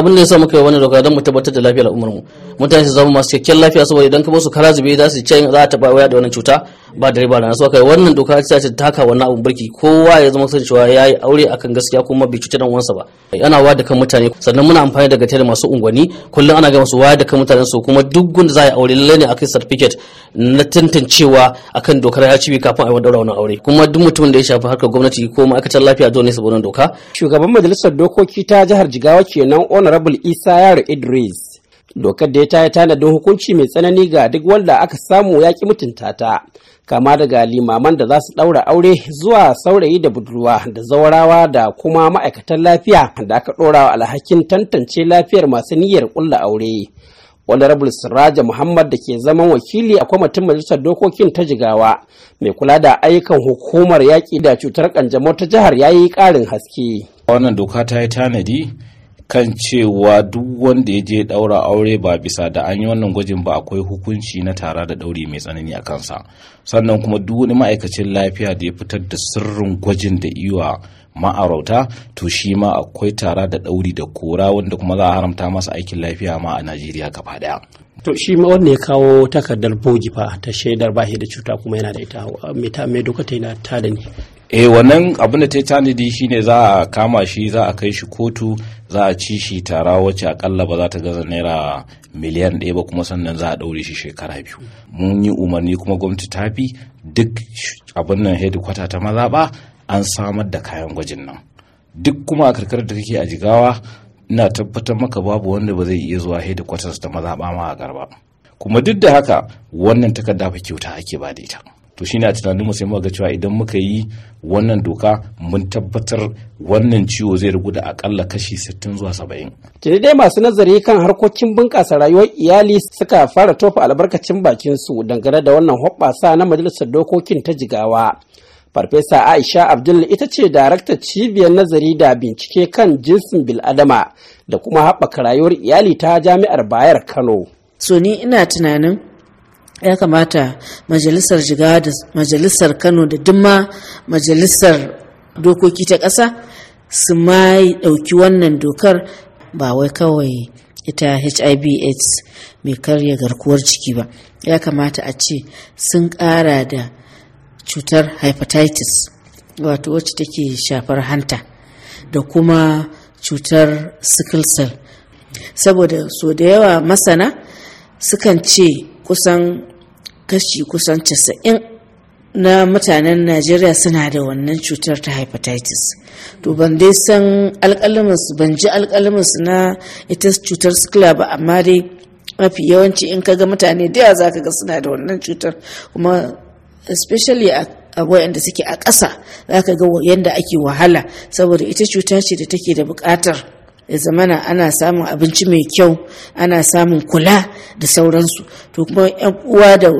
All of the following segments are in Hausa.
abin da ya sa muka yi wani doka don mu tabbatar da lafiyar umarmu mu mutane su zama masu cikakken lafiya saboda idan ka su kara zube za su can za a taɓa waya da wannan cuta ba da riba na nasu. kai wannan doka ta ce haka wannan abun burki kowa ya zama san cewa yayi aure akan gaskiya kuma bai cuci dan uwansa ba ana wada kan mutane sannan muna amfani da da masu unguwanni kullum ana ga masu da kan mutanen su kuma duk gun za a aure lalle ne akai certificate na tantancewa akan dokar HIV kafin a yi daura wannan aure kuma duk mutumin da ya shafi harkar gwamnati ko ma'aikatar lafiya dole ne saboda doka shugaban majalisar dokoki ta jihar Jigawa kenan honorable Isa Yaro Idris dokar da ya tayi tanadin hukunci mai tsanani ga duk wanda aka samu ya ki mutunta ta kama daga limaman da za su ɗaura aure zuwa saurayi da budurwa da zawarawa da kuma ma'aikatan lafiya da aka ɗora wa alhakin tantance lafiyar masu niyyar ƙulla aure honorable siraja muhammad da ke zaman wakili a kwamitin majalisar dokokin ta jigawa mai kula da ayyukan hukumar yaƙi da cutar kanjamau ta jihar ya yi ƙarin haske wannan doka ta yi tanadi kan cewa duk wanda ya je daura aure ba bisa da an yi wannan gwajin ba akwai hukunci na tara da ɗauri mai tsanani a kansa sannan kuma duk wani ma'aikacin lafiya da ya fitar da sirrin gwajin da iwa ma'arauta to shi ma akwai tara da ɗauri da kora wanda kuma za a haramta masa aikin lafiya ma a najeriya gaba daya to shi ma wanda ya kawo takardar bogi fa ta shaidar bashi da cuta kuma yana da ita mai doka ta yana ta da eh wannan abin da ta yi tanadi shine za a kama shi za a kai shi kotu za a ci shi tara wacce akalla ba za ta gaza naira miliyan ɗaya ba kuma sannan za a ɗaure shi shekara biyu mun yi umarni kuma gwamnati ta fi duk abin nan hedikwata ta mazaɓa an samar da kayan gwajin nan duk kuma a karkar da kake a jigawa ina tabbatar maka babu wanda ba zai iya zuwa hedikwatas ta mazaɓa ma a garba kuma duk da haka wannan takarda ba kyauta ake ba da ita to shine a tunanin mu sai mu ga cewa idan muka yi wannan doka mun tabbatar wannan ciwo zai rigu da akalla kashi 60 zuwa 70. dai masu nazari kan harkokin bunƙasa rayuwar iyali suka fara tofa albarkacin bakin su dangane da wannan hoɓɓasa na majalisar dokokin ta jigawa. Farfesa Aisha Abdul ita ce daraktar cibiyar nazari da bincike kan jinsin bil'adama da kuma haɓaka rayuwar iyali ta jami'ar Bayar Kano. So ni ina tunanin ya kamata majalisar jiga da majalisar kano da duma majalisar dokoki ta ƙasa su ma ɗauki wannan dokar ba wai kawai ita hiv aids mai karya garkuwar jiki ba ya kamata a ce sun ƙara da cutar hepatitis wato wacce take shafar hanta da kuma cutar sickle cell saboda so da yawa masana sukan ce kusan kashi kusan casa'in na mutanen najeriya suna da wannan cutar ta hepatitis to ban dai san alkalaminsu ban ji alkalaminsu na ita cutar sikila ba amma dai mafi yawanci in ka ga mutane daya yawa zaka ga suna da wannan cutar kuma especially a waɗanda suke a ƙasa zaka ga yadda ake wahala saboda ita cuta ce da take da buƙatar ya zamana ana samun abinci mai kyau ana samun kula da sauransu to kuma yan uwa da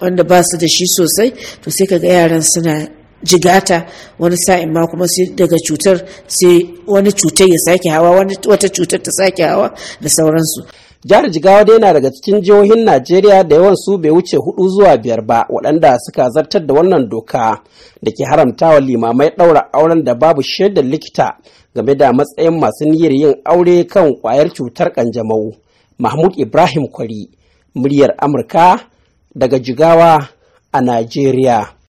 wanda ba su da shi sosai to sai kaga yaran suna jigata wani sa'in ma kuma sai daga cutar sai wani cutar ya sake hawa wata cutar ta sake hawa da sauransu jihar jigawa dai na daga cikin jihohin najeriya da yawan su bai wuce hudu zuwa biyar ba waɗanda suka zartar da wannan doka da ke wa limamai ɗaura auren da babu shaidar likita game da matsayin masu niyyar yin aure kan ƙwayar cutar kanjamau mahmud ibrahim kwari muryar amurka daga jigawa a najeriya